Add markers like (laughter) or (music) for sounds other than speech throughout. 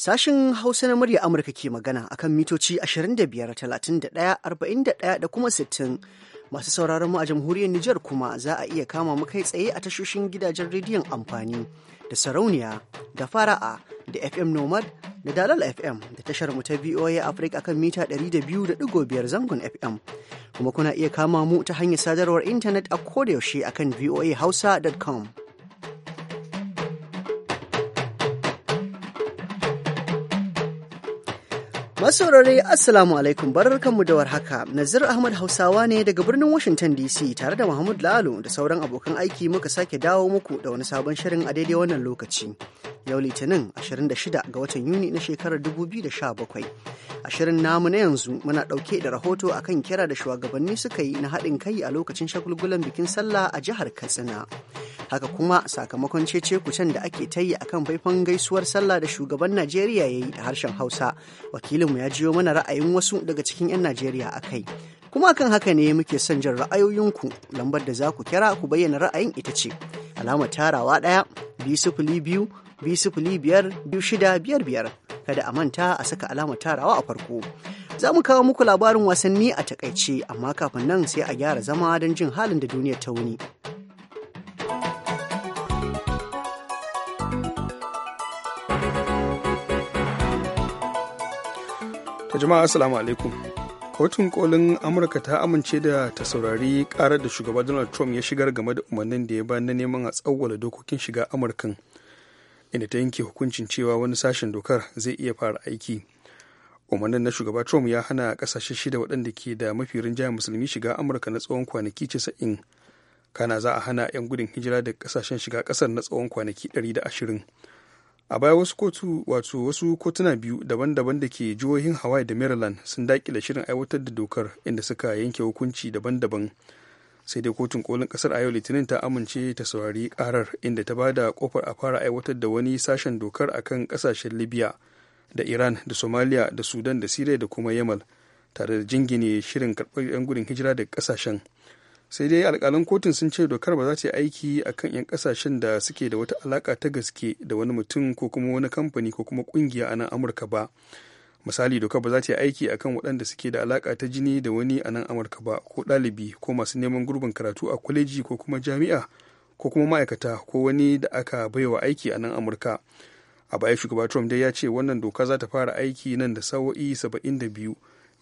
Sashen Hausa na murya Amurka ke magana akan mitoci 25, 31, 41 da kuma 60. Masu sauraron mu a jamhuriyar Nijar kuma za a iya kama mu kai tsaye a tashoshin gidajen rediyon amfani da sarauniya da fara'a da FM Nomad da Dalal FM da tashar mu ta VOA Africa kan mita 200.5 zangon FM. Kuma kuna iya kama mu ta hanyar sadarwar intanet a kodayaushe akan voahausa.com. Masaurari Assalamu alaikum barkanmu da warhaka Nazir Ahmad Hausawa ne daga birnin Washington DC tare da Muhammad Lalo da sauran abokan aiki muka sake dawo muku da wani sabon shirin a daidai wannan lokaci. Yau Litinin 26 ga watan Yuni na shekarar 2017. A shirin namu na yanzu muna ɗauke da rahoto akan kira da shugabanni suka yi na haɗin kai a lokacin shagulgulan bikin sallah a jihar Katsina. haka kuma sakamakon cece kucen da ake ta yi akan faifan gaisuwar sallah da shugaban najeriya ya yi da harshen hausa wakilinmu ya jiyo mana ra'ayin wasu daga cikin 'yan najeriya a kai kuma kan haka ne muke son jin ra'ayoyinku lambar da za ku kira ku bayyana ra'ayin ita ce alama tarawa ɗaya biyu biyu sifili biyar biyu shida biyar biyar kada a manta a saka alama tarawa a farko za mu kawo muku labarin wasanni a takaice amma kafin nan sai a gyara zama don jin halin da duniyar ta wuni. jama'a assalamu alaikum kotun kolin amurka ta amince da ta saurari karar da shugaba donald trump ya shigar game da umarnin da ya ba na neman a tsawwala dokokin shiga amurkan inda ta yanke hukuncin cewa wani sashen dokar zai iya fara aiki umarnin na shugaba trump ya hana kasashe shida waɗanda ke da mafi rinjaya musulmi shiga amurka na tsawon kwanaki casa'in kana za a hana 'yan gudun hijira da kasashen shiga ƙasar na tsawon kwanaki 120 a baya wasu kotu wato wasu kotuna biyu daban-daban da ke jihohin hawaii da maryland sun dakile shirin aiwatar da dokar inda suka yanke hukunci daban-daban sai dai kotun kolin kasar a yau litinin ta amince ta saurari karar inda ta bada kofar a fara aiwatar da wani sashen dokar akan kasashen libya da iran da somalia da sudan da syria da kuma yamal tare da jingine shirin karɓar 'yan gudun hijira daga kasashen sai dai alkalin kotun sun ce dokar ba za ta yi aiki a kan 'yan kasashen da suke da wata alaka ta gaske da wani mutum ko kuma wani kamfani ko kuma kungiya a nan amurka ba misali dokar ba za ta yi aiki a kan waɗanda suke da alaka ta jini da wani a nan amurka ba ko ɗalibi ko masu neman gurbin karatu a kwaleji ko kuma jami'a ko kuma ma'aikata ko wani da aka baiwa aiki a nan amurka a baya shugaba trump dai ya ce wannan doka za ta fara aiki nan da sa'o'i biyu.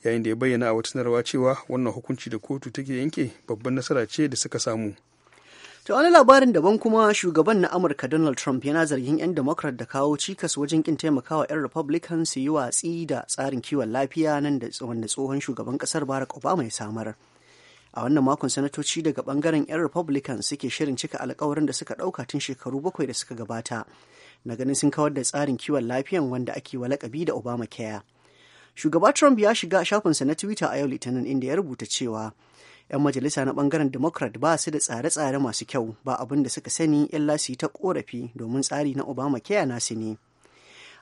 yayin da ya bayyana a wata sanarwa cewa wannan hukunci da kotu take yanke babban nasara ce da suka samu ta wani labarin daban kuma shugaban na amurka donald trump yana zargin 'yan democrat da kawo cikas wajen kin taimakawa 'yan republican su yi watsi da tsarin kiwon lafiya nan da wanda tsohon shugaban kasar barack obama ya samar a wannan makon sanatoci daga bangaren 'yan republican suke shirin cika alkawarin da suka dauka tun shekaru bakwai da suka gabata na ganin sun kawar da tsarin kiwon lafiyan wanda ake walakabi lakabi da care shugaba trump ya shiga shafinsa na twitter a yau litinin inda ya rubuta cewa 'yan majalisa na bangaren democrat ba su da tsare-tsare masu kyau ba abin da suka sani illa su yi ta korafi domin tsari na obama kiya nasu ne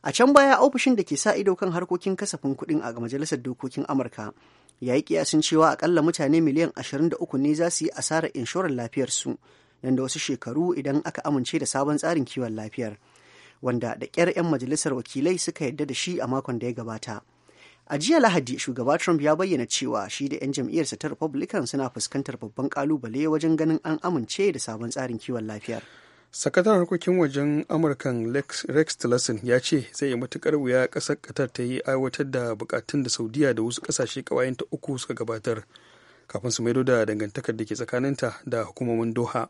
a can baya ofishin da ke sa ido kan harkokin kasafin kuɗin a majalisar dokokin amurka ya yi kiyasin cewa akalla mutane miliyan 23 ne za su yi asarar inshorar lafiyarsu nan da wasu shekaru idan aka amince da sabon tsarin kiwon lafiyar wanda da ƙyar 'yan majalisar wakilai suka yadda da shi a makon da ya gabata. A jiya Lahadi, shugaba Trump ya bayyana cewa shi da 'yan jam'iyyarsa ta Republican suna fuskantar babban kalubale wajen ganin an amince da sabon tsarin kiwon lafiyar. Sakataren harkokin wajen Amurkan Rex Tillerson ya ce zai yi matukar wuya ƙasar Qatar ta yi aiwatar da bukatun da Saudiya da wasu ƙasashe ƙawayenta uku suka gabatar kafin su maido da dangantakar da ke tsakaninta da hukumomin Doha.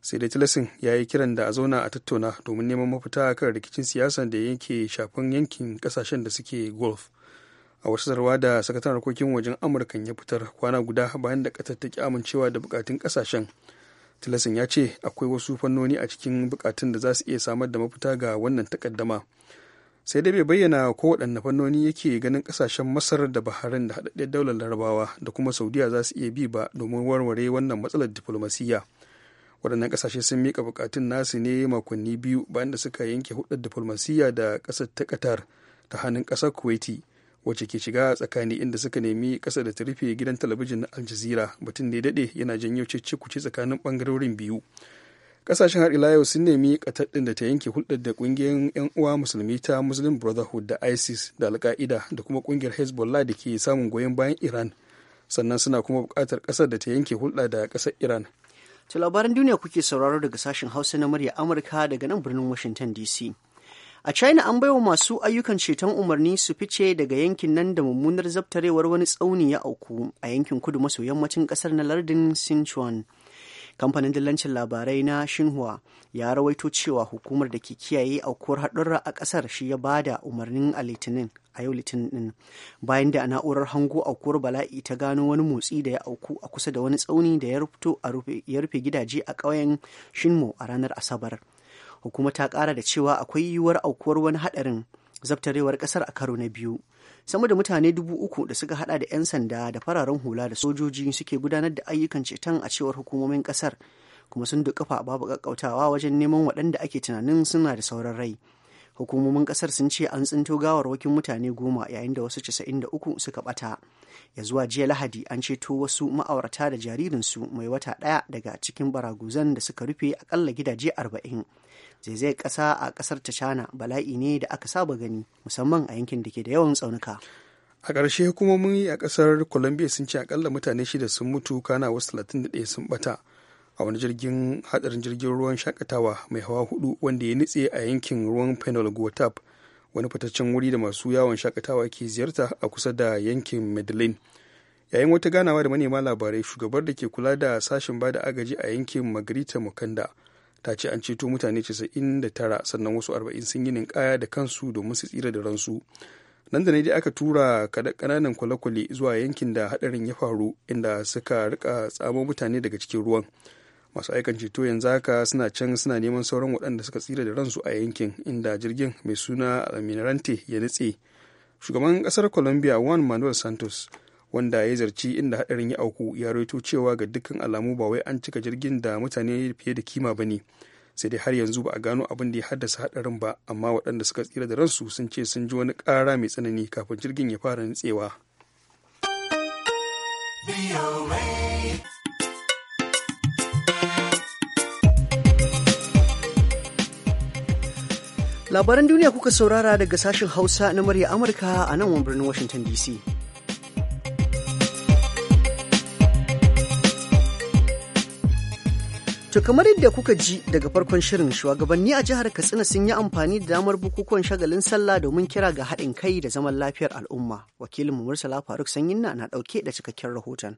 Sai dai Tillerson ya yi kiran da a zauna a tattauna domin neman mafita kan rikicin siyasa da yake shafin yankin ƙasashen da suke golf. a wasu zarwa da sakataren harkokin wajen amurkan ya fitar kwana guda bayan da ƙasar ta ki amincewa da bukatun ƙasashen tilasin ya ce akwai wasu fannoni a cikin bukatun da za su iya samar da mafita ga wannan takaddama sai dai bai bayyana ko waɗanne fannoni yake ganin ƙasashen masar da baharin da haɗaɗɗen daular larabawa da kuma saudiya za su iya bi ba domin warware wannan matsalar diflomasiyya waɗannan ƙasashe sun miƙa bukatun nasu ne makonni biyu bayan da suka yanke hudar diflomasiyya da ƙasar ta qatar ta hannun ƙasar kuwaiti wacce ke shiga tsakani inda suka nemi kasa da ta rufe gidan talabijin na aljazira batun da ya daɗe yana janyo cece-kuce tsakanin ɓangarorin biyu ƙasashen har ila yau sun nemi ƙataɗin da ta yanke hulɗar da ƙungiyar 'yan uwa musulmi ta muslim brotherhood da isis da alka'ida da kuma ƙungiyar hezbollah da ke samun goyon bayan iran sannan suna kuma buƙatar ƙasar da ta yanke hulɗa da kasar iran to labaran duniya kuke sauraro daga sashen hausa na murya amurka daga nan birnin washington dc A China an baiwa masu ayyukan ceton umarni su fice daga yankin nan da mummunar zabtarewar wani tsauni ya auku a yankin kudu maso yammacin kasar na lardin Sichuan. Kamfanin dillancin labarai na Xinhua ya rawaito cewa hukumar da ke kiyaye aukuwar haɗurra a ƙasar shi ya ba da umarnin a Litinin a yau Litinin din bayan da na'urar hango aukuwar bala'i ta gano wani motsi da ya auku a kusa da wani tsauni da ya rufe gidaje a ƙauyen Shinmo a ranar Asabar. hukuma ta kara da cewa akwai yiwuwar aukuwar wani hadarin zabtarewar ƙasar a karo na biyu sama da mutane dubu uku da suka hada da 'yan sanda da fararen hula da sojoji suke gudanar da ayyukan ceton a cewar hukumomin ƙasar. kuma sun dukafa babu kakkautawa wajen neman waɗanda ake tunanin suna da sauran rai hukumomin ƙasar sun ce an tsinto gawarwakin mutane goma yayin da wasu casa'in da uku suka bata ya zuwa jiya lahadi an ceto wasu ma'aurata da jaririnsu mai wata ɗaya daga cikin baraguzan da suka rufe akalla gidaje arba'in. zaizayar ƙasa a kasar ta bala'i ne da aka saba gani musamman a yankin da ke da yawan tsaunuka. A ƙarshe yi a ƙasar Colombia sun ce akalla mutane shida sun mutu kana wasu da ɗaya sun bata a wani jirgin hadarin jirgin ruwan shakatawa mai hawa hudu wanda ya nutse a yankin ruwan Penal Guatap wani fitaccen wuri da masu yawon shakatawa ke ziyarta a kusa da yankin Medellin. yayin wata ganawa da manema labarai shugabar da ke kula da sashen bada agaji a yankin magrita mukanda ta ce an ceto mutane 99 sannan wasu 40 sun yi ninkaya da kansu domin su tsira da ransu nan da dai aka tura kananan kwale-kwale zuwa yankin da hadarin ya faru inda suka rika tsamo mutane daga cikin ruwan masu aikan ceto yanzu haka suna can suna neman sauran waɗanda suka tsira da ransu a yankin inda jirgin mai suna almirante ya nutse shugaban ƙasar colombia juan manuel santos wanda ya zarci inda hadarin ya auku ya raito cewa ga dukkan alamu ba wai an cika jirgin da mutane fiye da kima ba ne sai dai har yanzu ba a gano abin da ya haddasa hadarin ba amma waɗanda suka tsira da ransu sun ce sun ji wani ƙara mai tsanani kafin jirgin ya fara nutsewa. Labaran duniya kuka saurara daga sashen Hausa na murya Amurka a nan birnin Washington DC. To kamar yadda kuka ji daga farkon shirin shugabanni a jihar Katsina sun yi amfani da damar bukukuwan shagalin sallah domin kira ga haɗin kai da zaman lafiyar al'umma. Wakilin Mursala Faruk Sanyinna na ɗauke da cikakken rahoton.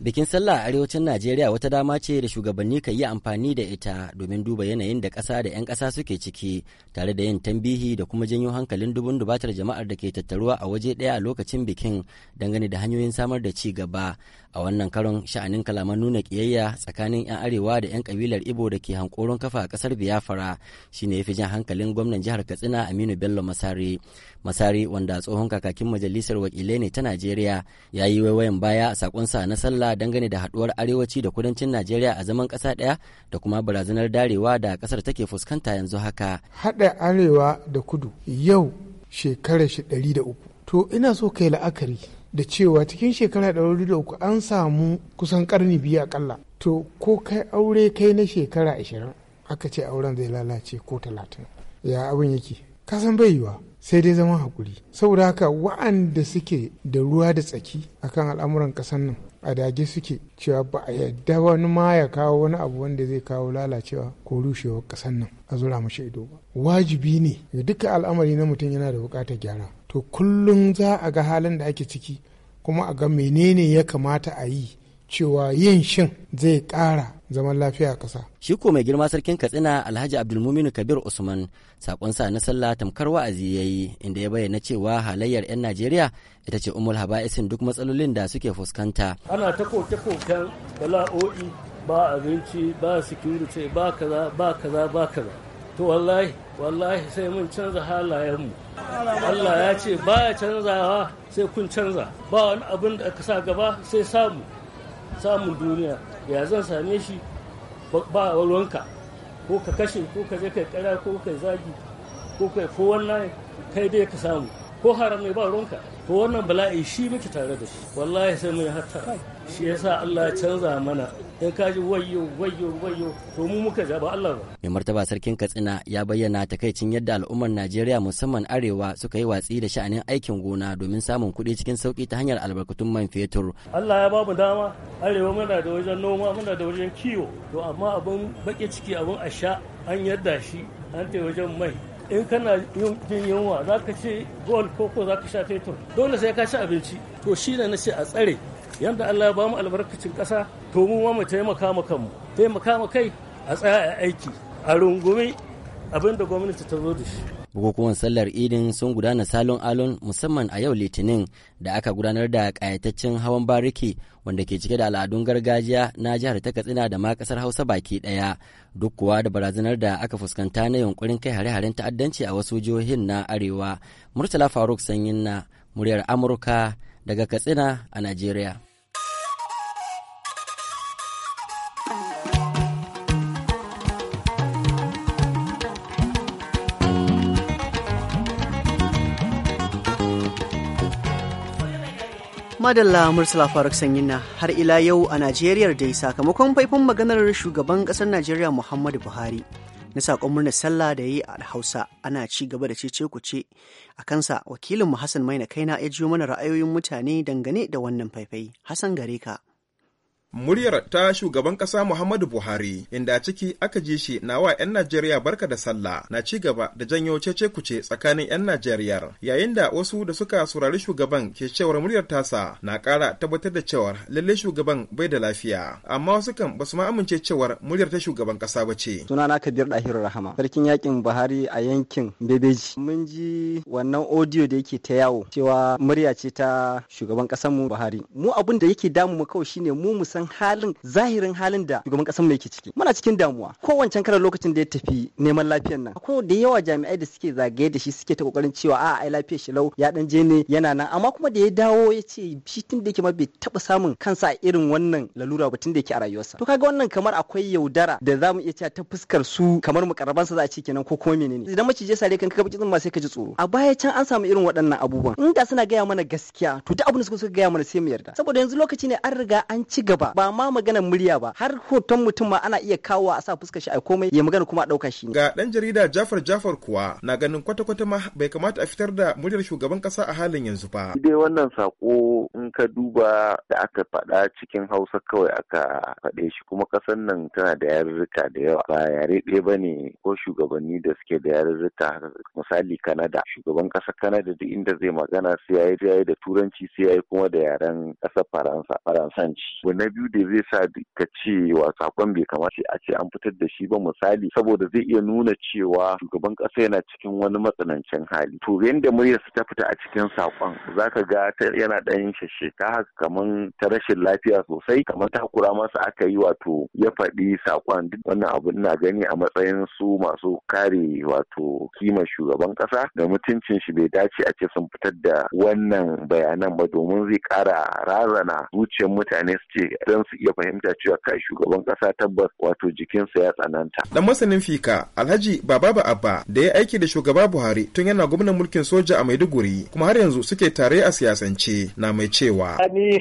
Bikin sallah a arewacin Najeriya wata dama ce da shugabanni ka yi amfani da ita domin duba yanayin da ƙasa da 'yan ƙasa suke ciki tare da yin tambihi da kuma janyo hankalin dubun dubatar jama'ar da ke tattaruwa a waje ɗaya a lokacin bikin dangane da hanyoyin samar da ci gaba. a wannan karon sha'anin kalaman nuna kiyayya tsakanin 'yan arewa da 'yan kabilar ibo da ke hankoron kafa a kasar biafra shine ya fi jan hankalin gwamnan jihar katsina aminu bello masari masari wanda tsohon kakakin majalisar wakilai ne ta najeriya ya yi waiwayin baya a sakonsa na sallah dangane da haduwar arewaci da kudancin najeriya a zaman kasa daya da kuma barazanar darewa da kasar take fuskanta yanzu haka hada arewa da kudu yau shekarar shi da uku to ina so kai la'akari da cewa cikin shekara ɗari da uku an samu kusan karni biyu akalla to ko kai aure kai na shekara ashirin aka ce auren zai lalace ko talatin ya abin yake kasan bai yiwa sai dai zama hakuri saboda haka wa'anda suke da ruwa da tsaki akan al'amuran kasan nan a dage suke cewa ba a yadda wani ma ya kawo wani abu wanda zai kawo lalacewa ko rushewar kasan nan a zura mashi ido ba wajibi ne ga duka al'amari na mutum yana da bukatar gyara to kullum za a ga halin da ake ciki kuma a ga menene ya kamata a yi cewa yin shin zai ƙara zaman lafiya a ƙasa. Shi ko mai girma sarkin Katsina Alhaji Abdulmuminu Kabir Usman sakonsa na sallah tamkar wa'azi ya yi inda ya bayyana cewa halayyar 'yan Najeriya ita ce umul haba'isin duk matsalolin da suke fuskanta. Ana ta koke-koken bala'o'i ba abinci ba security ba kaza ba kaza ba kaza. To wallahi wallahi sai mun canza halayenmu. Allah ya ce ba ya canzawa sai kun canza ba wani abin da aka sa gaba sai samu samun duniya ya zan same shi ba ruwanka ko ka kashe ko ka je kai kara ko kai zagi ko kai ko wannan kai dai ka samu ko haram ne ba ruwanka ko wannan bala'i shi muke tare da shi wallahi sai mun hatta shi yasa Allah ya canza mana in ka ji wayo wayo wayo to mu muka ja ba Allah ba mai martaba sarkin Katsina ya bayyana takaicin yadda al'ummar Najeriya musamman arewa suka yi watsi da sha'anin aikin gona domin samun kuɗi cikin sauki ta hanyar albarkatun man fetur Allah ya ba mu dama arewa muna da wajen noma muna da wajen kiwo to amma abin baki ciki abin a sha an yadda shi an ta wajen mai in kana jin yunwa za ka ce gol ko za ka sha fetur dole sai ka ci abinci to shi ne na ce a tsare yadda Allah ya ba mu albarkacin kasa to mu ma mu taimaka ma kanmu taimaka ma kai a tsaya a aiki a rungumi abin gwamnati ta zo da shi bukukuwan sallar idin sun gudana salon alon musamman a yau litinin da aka gudanar da kayataccen hawan bariki wanda ke cike da al'adun gargajiya na jihar ta katsina da ma kasar hausa baki daya duk kuwa da barazanar da aka fuskanta na yunkurin kai hare-haren ta'addanci a wasu jihohin na arewa murtala faruk sanyin na muryar amurka daga Katsina a Najeriya. Madalla Mursala Faruk Sanyina har ila yau a Najeriya dai sakamakon faifan maganar shugaban ƙasar Najeriya Muhammadu Buhari. na saƙon murnar sallah da ya yi a hausa ana ci gaba da cece ce a kansa wakilinmu hassan maina kaina ya jiyo mana ra'ayoyin mutane dangane da wannan faifai hassan gare ka muryar ta shugaban kasa Muhammadu Buhari inda a ciki aka ji shi na wa 'yan Najeriya barka da sallah na ci gaba da janyo cece kuce tsakanin 'yan Najeriya yayin da wasu da suka saurari shugaban ke cewar muryar tasa na kara tabbatar da cewar lalle shugaban bai da lafiya amma wasu kan basu ma amince cewar muryar ta shugaban kasa ba ce. Sunana Kadir Dahiru Rahama sarkin yakin Buhari a yankin Bebeji mun ji wannan audio da yake ta yawo cewa murya ce ta shugaban mu Buhari mu abin da yake damu mu kawai shine mu musa san halin zahirin halin da shugaban kasan mai ke ciki muna cikin damuwa kowancan karar lokacin da ya tafi neman lafiyar nan ko da yawa jami'ai da suke zagaye da shi suke ta kokarin cewa a ai lafiyar shi lau ya dan je ne yana nan amma kuma da ya dawo ya ce shi tun da yake ma bai taba samun kansa a irin wannan lalura ba tun da yake a rayuwarsa to kaga wannan kamar akwai yaudara da za mu iya cewa ta fuskar su kamar mu sa za a ce kenan ko kuma menene idan macije sare kan kaga bakin ma sai ka ji tsoro a baya can an samu irin waɗannan abubuwan in da suna gaya mana gaskiya to duk abin da suka gaya mana sai mu yarda saboda yanzu lokaci ne an riga an ci gaba ba ma maganar murya ba har hoton mutum ma ana iya kawo a sa fuskar shi a komai ya magana kuma a dauka shi ga dan jarida Jafar Jafar kuwa na ganin kwata-kwata ma bai kamata a fitar da muryar shugaban ƙasa a halin yanzu ba dai wannan sako in ka duba da aka faɗa cikin Hausa kawai aka faɗe shi kuma ƙasar nan tana da yarurruka da yawa ba yare ɗaya ba ne ko shugabanni da suke da yarurruka misali Kanada shugaban kasa Kanada duk inda zai magana sai ya da turanci sai ya kuma da yaren ƙasar Faransa Faransanci. Na biyu da zai sa ka cewa sakon bai kamata a ce an fitar da shi ba misali saboda zai iya nuna cewa shugaban ƙasa yana cikin wani matsanancin hali to yadda muryar ta fita a cikin sakon zaka ga yana ɗan ta haka kaman ta rashin lafiya sosai kamar takura masa aka yi wato ya faɗi sakon duk wannan abu na gani a matsayin su masu kare wato kima shugaban ƙasa da mutuncin shi bai dace a ce sun fitar da wannan bayanan ba domin zai kara razana zuciyar mutane su ce don su iya fahimta cewa kai shugaban kasa tabbas wato jikinsa ya tsananta. Dan masanin fika Alhaji Bababa Abba da ya aiki da shugaba Buhari tun yana gwamnan mulkin soja a Maiduguri kuma har yanzu suke tare a siyasance na mai cewa. (laughs) Ni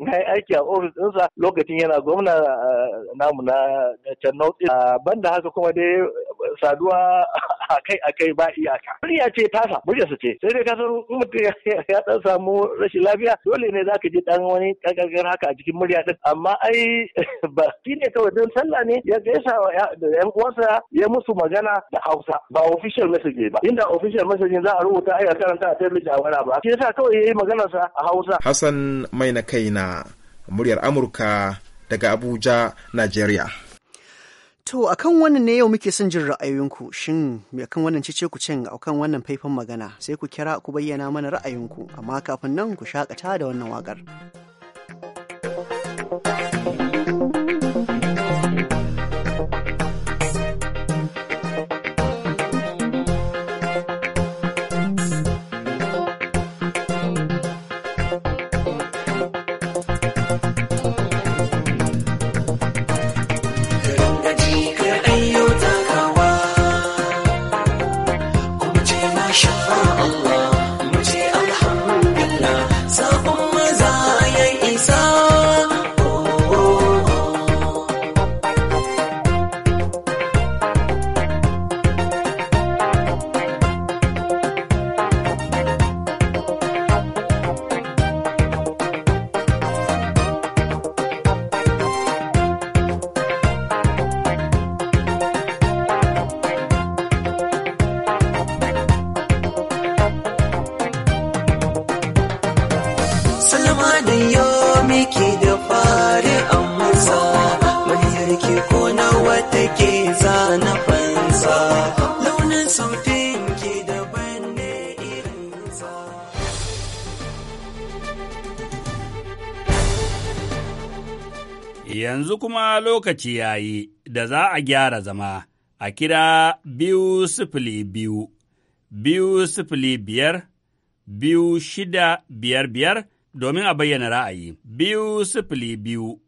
na yi aiki a ofis ɗinsa lokacin yana gwamna eh, namu na can ah, Ban da haka kuma dai saduwa (laughs) akai akai ba iyaka murya ce tasa su ce sai dai ka san mutum ya dan samu rashin lafiya dole ne zaka ji dan wani kakarkar haka a cikin murya din amma ai (laughs) ba shi ne kawai don sallah ne ya gaisa da yan uwansa ya musu magana da Hausa ba official message ba inda official message za a rubuta ai a karanta a taimaki a ba shi sa kawai ya yi maganarsa a Hausa Hassan mai na kai na muryar Amurka daga Abuja, Najeriya. To kan wannan ne yau muke son jin ra'ayoyinku shin me kan wannan cece ku cin a kan wannan faifan magana sai ku kira ku bayyana mana ra'ayinku amma kafin nan ku shakata da wannan waƙar. kuma lokaci ya yi da za a gyara zama a kira biyu sifili biyu, biyu sifili biyar, biyu shida biyar biyar domin a bayyana ra'ayi, biyu sifili biyu,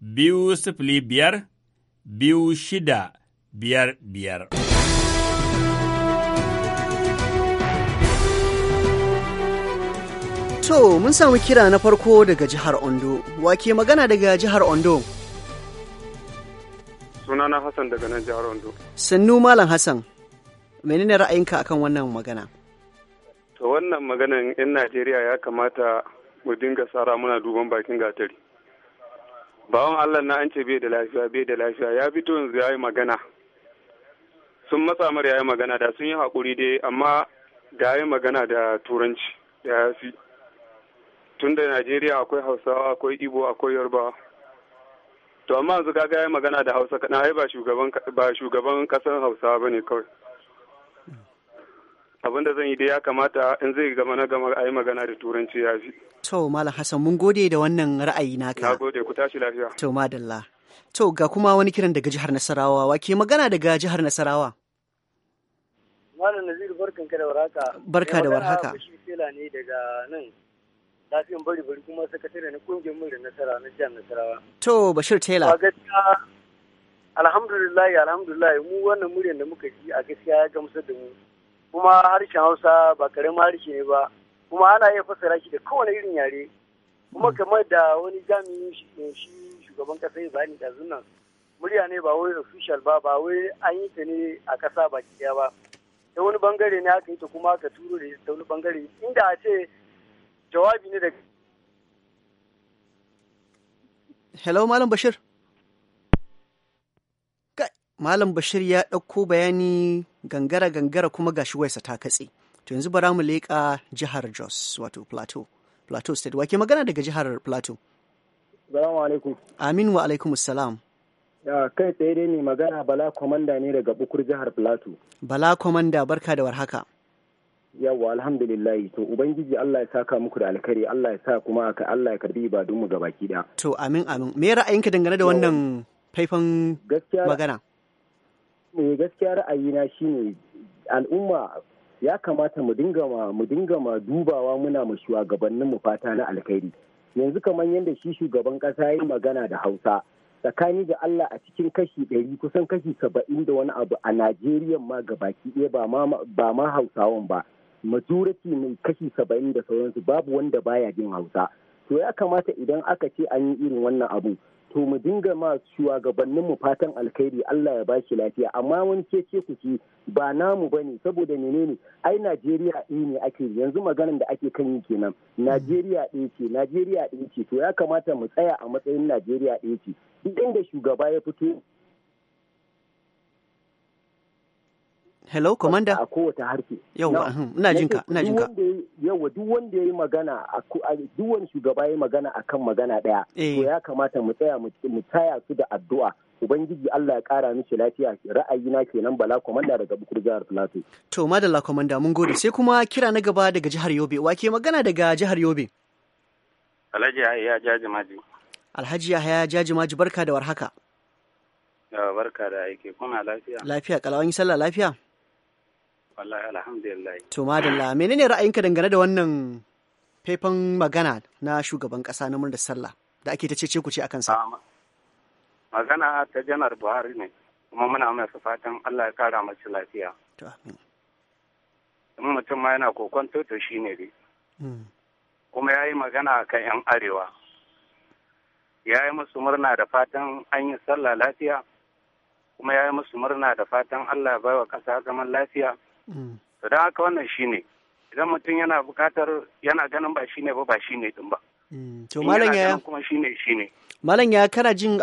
biyu sifili biyar, biyu shida biyar biyar. To, mun samu kira na farko daga jihar Ondo, wake magana daga jihar Ondo. sunana Hassan daga nan jihar Ondo. Sannu Malam Hassan, menene ra'ayinka akan wannan magana? To wannan maganan 'yan Najeriya ya kamata mu dinga sara muna duban bakin gatari. Bawan Allah na an ce bai da lafiya bai da lafiya ya fito yanzu ya yi magana. Sun matsa mar ya yi magana da sun yi haƙuri dai amma da ya yi magana da turanci da ya fi. Tunda Najeriya akwai Hausawa akwai Ibo akwai Yarbawa. to amma yanzu kaga ya magana da hausa kaɗan ai ba shugaban ba shugaban ƙasar hausa ba ne kawai abin da zan yi dai ya kamata in zai gama na gama a yi magana da turanci ya fi. to malam hassan mun gode da wannan ra'ayi na na gode ku tashi lafiya to madalla to ga kuma wani kiran daga jihar nasarawa wa ke magana daga jihar nasarawa malam naziru barkan ka da warhaka barka da warhaka ne daga nan lafiyan bari bari kuma sakatare na kungiyar mai da nasara na jihar nasarawa. To Bashir Tela. Ba gaskiya alhamdulillah alhamdulillah mu wannan muryan da muka ji a gaskiya ya gamsar da mu kuma harshen Hausa ba karamin harshe ne ba kuma ana iya fassara shi da kowane irin yare kuma hmm. kamar da wani jami'in shi shugaban kasa ya bani da nan murya ne ba wai official ba ba wai an yi ta ne a kasa baki daya ba ta wani bangare ne aka yi ta kuma aka turo da ta wani bangare inda a ce jawabi ne daga Hello Malam Bashir Malam Bashir ya ɗauko bayani gangara-gangara kuma gashi waisa ta katse. To yanzu bara mu leƙa jihar Jos wato Plateau. Plateau State. Wake magana daga jihar Plateau? Salamu alaikum. Amin wa alaikum salam. Ya kai tsaye dai ne magana Bala Komanda ne daga Bukur jihar Plateau. Bala Komanda barka da warhaka. yawa alhamdulillahi to ubangiji Allah ya saka muku da alkhairi Allah ya sa kuma ka Allah ya karbi ga gabaki da. to amin amin me ra'ayinka dangane da wannan faifan magana me gaskiya ra'ayina shine al'umma ya kamata mu dinga mu dinga ma dubawa muna mu shugabannin mu fata na alkhairi yanzu kamar yadda shi shugaban kasa magana da Hausa tsakani da Allah a cikin kashi ɗari kusan kashi saba'in da wani abu a Najeriya ma gabaki ɗaya ba ma Hausawan ba majority mai kashi saba'in da sauransu babu wanda baya jin hausa to ya kamata idan aka ce an yi irin wannan abu to mu dinga ma shugabannin mu fatan alkhairi Allah ya bashi lafiya amma wani ce ce ku ci ba namu bane saboda menene ai Najeriya ɗaya ne ake yanzu maganar da ake kan yi kenan Najeriya ɗaya ce Najeriya ɗaya ce to ya kamata mu tsaya a matsayin Najeriya ɗaya ce idan da shugaba ya fito hello commander a kowace harshe yawa ina jinka ina jinka yawa duk wanda yayi magana duk wani shugaba yayi magana akan magana daya to eh. ya kamata mu tsaya mu tsaya su da addu'a ubangiji Allah ya kara mishi lafiya ra'ayi na kenan bala kwamanda daga bukur jihar Plateau to madalla komanda mun gode sai kuma kira na gaba daga jihar Yobe wake magana daga jihar Yobe Alhaji ya jaji maji. Alhaji ya jaji maji barka da warhaka barka da aiki kuna lafiya lafiya kalawan sallah lafiya wallahi alhamdulillah to madalla menene ra'ayinka dangane da wannan faifan magana na shugaban kasa na murda sallah da ake ta cece ku ce akan sa ah, magana ta janar buhari ne kuma muna masa fatan allah ya kara masa lafiya to amin mun mutum ma yana kokon toto shi ne dai hmm. kuma ya yi magana kan 'yan arewa ya yi musu murna da fatan an yi sallah lafiya kuma ya yi musu murna da fatan allah ya bai wa ƙasa zaman lafiya Mm. to da haka wannan shi ne idan mutum yana bukatar yana ganin ba shine ba ba shine din ba mm. to malam ya kuma shi ne shi ne malam ya kana jin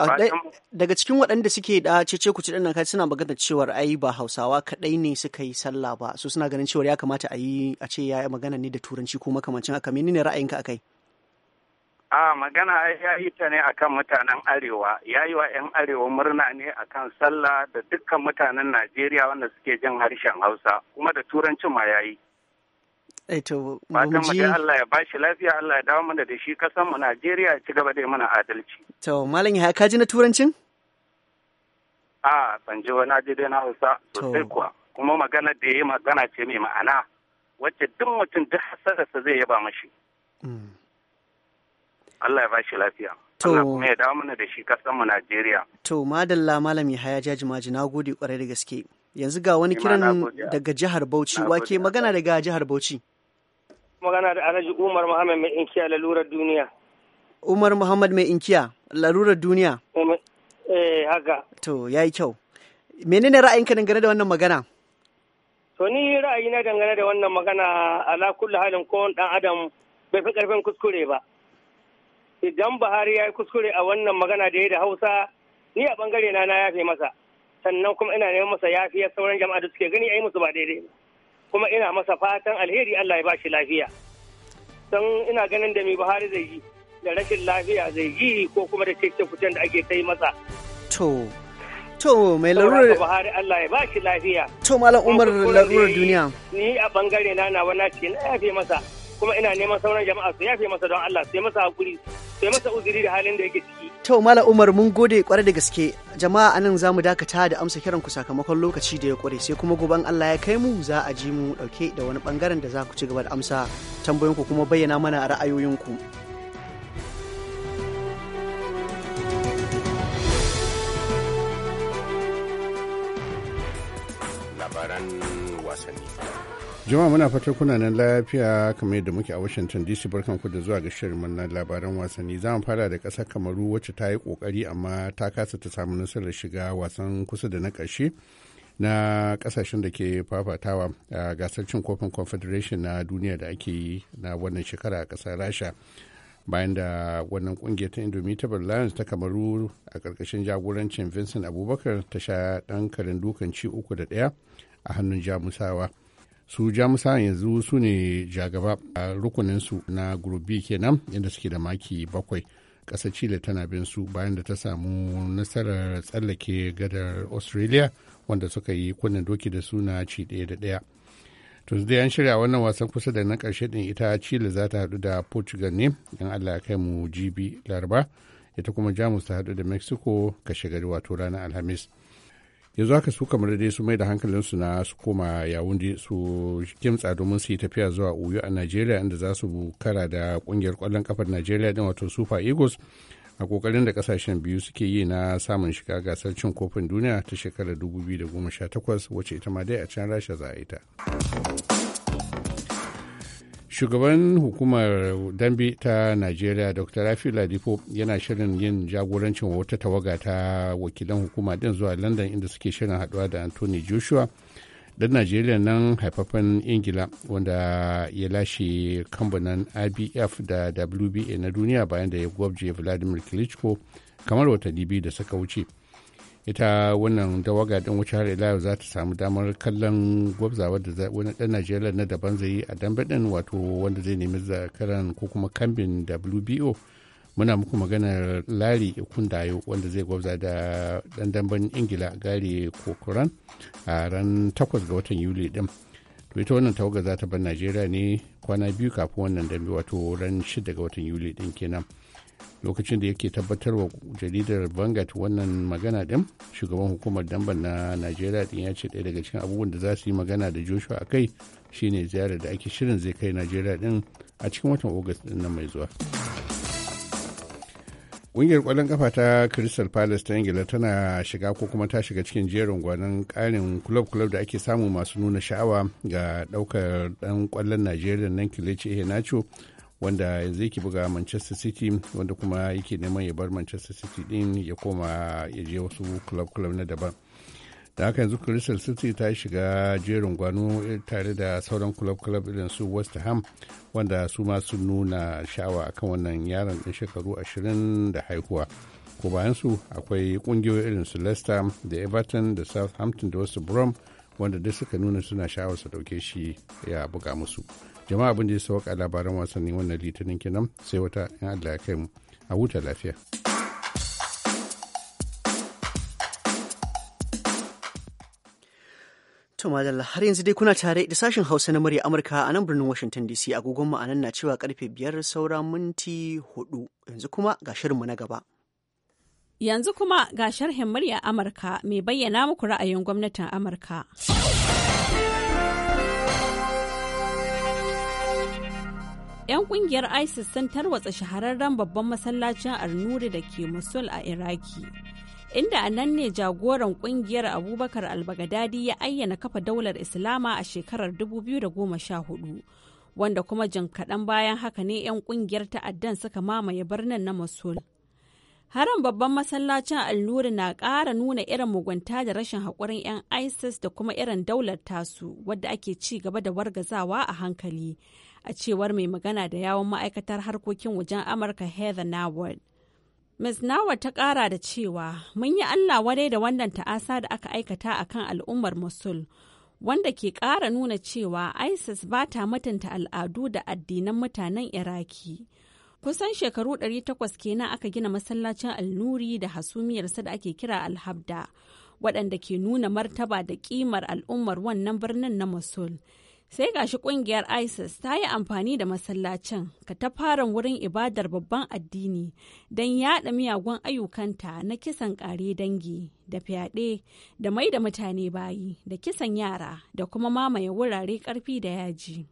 daga cikin waɗanda suke da cece ku din nan kai suna magana cewar ai ba Hausawa kadai ne suka yi sallah ba so suna ganin cewar ya kamata a yi a ce ya magana ne da turanci ko makamancin haka menene ra'ayinka akai A magana ya yi ta ne akan mutanen Arewa, ya yi wa 'yan Arewa murna ne akan sallah da dukkan mutanen Najeriya wanda suke jin harshen Hausa, kuma da Turancin ma ya yi. Eto, eh Fatan mu dai Allah ya ba shi, lafiya, Allah ya dawo mana da shi kasan mu Najeriya ya ci gaba da mana adalci. To, Malam ya ka ji na Turancin? A, ban ji wani ji na Hausa sosai kuwa. Kuma magana da ya yi magana ce mai ma'ana, wacce duk mutum duk hasararsa zai yaba mashi. Mm. Allah ya bashi lafiya. Allah ya dawo mana da shi mu Najeriya. To madalla malam Yahaya Jaji Maji na gode kwarai da gaske. Yanzu ga wani kiran daga jihar Bauchi wake magana daga jihar Bauchi. Magana da Alhaji Umar Muhammad mai inkiya lalurar duniya. Umar Muhammad mai inkiya lalurar duniya. Eh haka. To yayi kyau. Menene ra'ayinka dangane da wannan magana? To ni ra'ayina dangane da wannan magana ala kulli halin ko dan adam bai fi karfin kuskure ba. idan Buhari ya yi kuskure a wannan magana da ya da Hausa ni a bangare na na yafe masa sannan kuma ina neman masa yafiya sauran jama'a da suke gani a yi musu ba daidai kuma ina masa fatan alheri Allah ya ba shi lafiya don ina ganin da mai Buhari zai yi da rashin lafiya zai yi ko kuma da cece kucen da ake kai masa to to mai larurar Buhari Allah ya ba shi lafiya to malam Umar larurar duniya ni a bangare na na wani ce na yafe masa kuma ina neman sauran jama'a su yafe masa don Allah sai masa hakuri sai masa uzuri da halin da yake ciki to mala umar mun gode kwarai da gaske jama'a anan zamu dakata da amsa kiran ku sakamakon lokaci da ya kure sai kuma goban Allah ya kai mu za a ji mu dauke da wani bangaren da za ku ci gaba da amsa ku kuma bayyana mana ra'ayoyinku labaran Jama'a muna fata kuna nan lafiya kamar yadda muke a Washington DC barkan ku da zuwa ga shirin na labaran wasanni. Za mu fara da ƙasar Kamaru wacce ta yi ƙoƙari amma ta kasa ta samu nasarar shiga wasan kusa da na karshe na ƙasashen da ke fafatawa a gasar cin kofin confederation na duniya da ake yi na wannan shekara a ƙasar Rasha. Bayan da wannan ƙungiyar ta Indomitable Lions ta Kamaru a ƙarƙashin jagorancin Vincent Abubakar ta sha ɗan karin dukan ci uku da ɗaya a hannun Jamusawa. su jamusa yanzu su ne jagaba a rukuninsu na gurubi kenan inda suke da maki bakwai ƙasar chile tana bin su bayan da ta samu nasarar tsallake gadar australia wanda suka yi kunnen doki da suna ci ɗaya da ɗaya to dai an shirya wannan wasan kusa da na ƙarshe ɗin ita chile za ta haɗu da portugal ne in allah ya kai mu jibi laraba ita kuma jamus ta hadu da mexico kashe gari wato ranar alhamis yanzu haka su kamar dai su mai da hankalinsu na su koma yawundi su kimtsa domin su yi tafiya zuwa uyu a nigeria inda za su kara da kungiyar kwallon kafar nigeria din wato super eagles a kokarin da kasashen biyu suke yi na samun shiga gasar cin kofin duniya ta shekarar 2018 wacce ita ma dai a can rasha za a yi ta. shugaban hukumar dambe ta najeriya dr rafi ladipo yana shirin yin jagorancin wata tawaga ta wakilan hukuma din zuwa london inda suke shirin haduwa da anthony joshua dan najeriya nan haifafen ingila wanda ya lashe kambunan ibf da wba na duniya bayan da ya gwabje vladimir klitschko kamar watanni biyu da suka wuce ita wannan dawaga din wuce har ila za ta samu damar kallon gwabzawa da wani dan najeriya na daban zai yi a dambe din wato wanda zai nemi zakaran ko kuma kambin wbo muna muku maganar lari kundayo wanda zai gwabza da dan damben ingila gari kokoran a ran takwas ga watan yuli din to ita wannan tawaga za ta bar najeriya ne kwana biyu kafin wannan dambe wato ran shida ga watan yuli din kenan lokacin da yake tabbatar wa jaridar bangat wannan magana din shugaban hukumar damban na najeriya din ya ce daya daga cikin abubuwan da za su yi magana da joshua a kai shine ziyarar da ake shirin zai kai najeriya din a cikin watan august din nan mai zuwa ƙungiyar ƙwallon kafa ta crystal palace ta ingila tana shiga ko kuma ta shiga cikin jerin gwanon ƙarin kulob-kulob da ake samu masu nuna sha'awa ga ɗaukar ɗan ƙwallon najeriya nan kilici nacho wanda yanzu yake buga manchester city wanda kuma yake neman ya bar manchester city din ya koma ya je wasu club club na daban da haka yanzu crystal city ta shiga jerin gwano tare da sauran club club irin su west ham wanda su ma sun nuna sha'awa akan wannan yaron din shekaru 20 da haihuwa ko bayan su akwai kungiyoyi irin su leicester da everton da southampton da wasu brom wanda duk suka nuna suna sha'awar su dauke shi ya buga musu jama'a abin da ya sauka labaran wasanni wannan litinin kenan sai wata in allah ya kai mu a huta lafiya To madalla har yanzu dai kuna tare da sashen Hausa na murya Amurka a nan birnin Washington DC agogon ma'anan na cewa karfe biyar saura minti hudu yanzu kuma ga shirinmu na gaba. Yanzu kuma ga sharhin murya Amurka mai bayyana muku ra'ayin gwamnatin Amurka. ‘Yan kungiyar ISIS sun tarwatsa shahararren babban masallacin Arnuri da ke Mosul a Iraki. Inda a nan ne jagoran kungiyar Abubakar Albagadadi ya ayyana kafa daular Islama a shekarar 2014. wanda kuma jin kaɗan bayan haka ne 'yan kungiyar ta'addan suka mamaye birnin na Mosul. haran babban masallacin al-Nuri na ƙara nuna irin mugunta da rashin haƙurin 'yan ISIS da kuma irin daular tasu wadda ake ci gaba da wargazawa a hankali, a cewar mai magana da yawon ma'aikatar harkokin wajen Amurka Heather Nawal. Ms. Nawal ta ƙara da cewa, mun yi Allah wadai da wannan ta'asa da aka aikata a kan al'ummar Mosul, wanda ke ƙara nuna cewa ISIS ba ta mutunta al'adu da addinan mutanen Iraki. Kusan shekaru 800 kenan aka gina masallacin alnuri da hasumiyarsa da ake kira alhabda, waɗanda ke nuna martaba da ƙimar al'ummar wannan birnin na Mosul. Sai gashi ƙungiyar ISIS ta yi amfani da masallacin ka ta fara wurin ibadar babban addini don yaɗa miyagun ayyukanta na kisan ƙare dangi da fyaɗe da mai da mutane bayi da kisan yara da kuma mamaye wurare ƙarfi da yaji.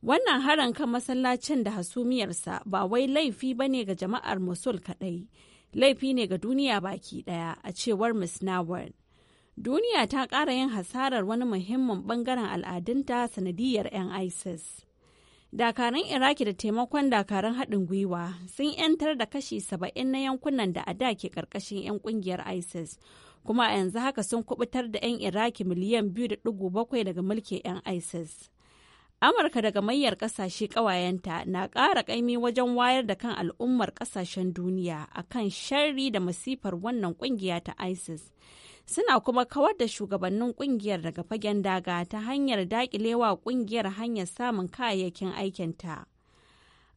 Wannan haran kan masallacin da hasumiyarsa ba wai laifi ba ne ga jama'ar Mosul kaɗai, laifi ne ga duniya baki ɗaya a cewar Miss Nawal. Duniya ta ƙara yin hasarar wani muhimmin ɓangaren al'adunta sanadiyar 'yan ISIS. Dakarun Iraki da taimakon dakarun haɗin gwiwa sun 'yantar da kashi saba'in na yankunan da a da ke ƙarƙashin 'yan ƙungiyar ISIS. kuma a yanzu haka sun kubutar da 'yan iraki miliyan 2.7 daga mulkin 'yan isis Amurka daga mayyar kasashe ƙawayenta na ƙara ƙaimi wajen wayar da kan al'ummar ƙasashen duniya a kan sharri da masifar wannan ƙungiya ta ISIS. Suna kuma kawar da shugabannin ƙungiyar daga fagen daga ta hanyar daƙilewa ƙungiyar hanyar samun kayayyakin aikinta.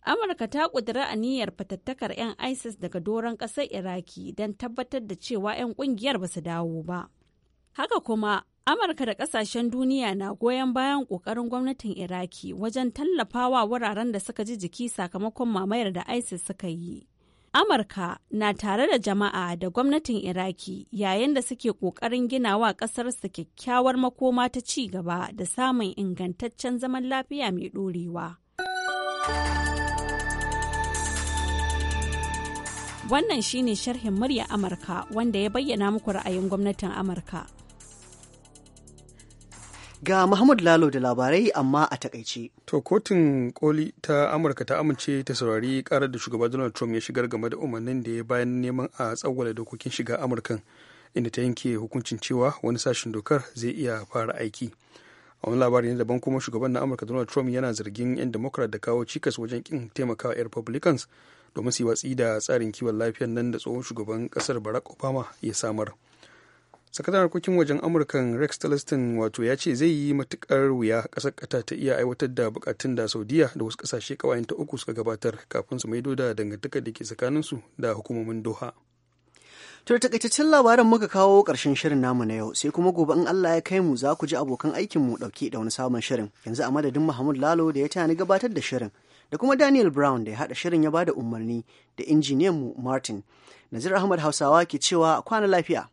Amurka ta ƙudiri aniyar fatattakar 'yan ISIS daga doron ƙasar Iraki don tabbatar da cewa 'yan ƙungiyar ba su dawo ba. Haka kuma Amurka da kasashen duniya na goyon bayan ƙoƙarin gwamnatin Iraki wajen tallafawa wuraren da suka ji jiki sakamakon mamayar da ISIS suka yi. Amurka na tare da jama'a da gwamnatin Iraki yayin da suke ƙoƙarin gina wa ƙasarsa kyakkyawar makoma ta ci gaba da samun ingantaccen zaman lafiya mai ɗorewa. Wannan shine sharhin murya Amurka wanda ya bayyana muku ra'ayin gwamnatin Amurka. Ga Muhammad Lalo da labarai amma a takaice. To kotun koli ta Amurka ta amince ta saurari karar da shugaba Donald Trump ya shigar game da umarnin da ya bayan neman a tsawwala dokokin shiga Amurkan inda ta yanke hukuncin cewa wani sashen dokar zai iya fara aiki. A wani labari ne daban kuma shugaban na Amurka Donald Trump yana zargin 'yan Democrat da kawo cikas wajen kin taimakawa 'yan Republicans domin su yi watsi da tsarin kiwon lafiyar nan da tsohon shugaban kasar Barack Obama ya samar. sakataren harkokin wajen amurkan rex tillerson wato ya ce zai yi matukar wuya kasar kata ta iya aiwatar da bukatun da saudiya da wasu kasashe kawayen ta uku suka gabatar kafin su maido da dangantaka da ke tsakaninsu da hukumomin doha To takaitaccen labaran muka kawo ƙarshen shirin namu na yau sai kuma gobe in Allah ya kai mu za ku ji abokan aikin mu dauke da wani sabon shirin yanzu a madadin Muhammad Lalo da ya ni gabatar da shirin da kuma Daniel Brown da ya haɗa shirin ya bada umarni da injiniyan mu Martin Nazir Ahmad Hausawa ke cewa kwana lafiya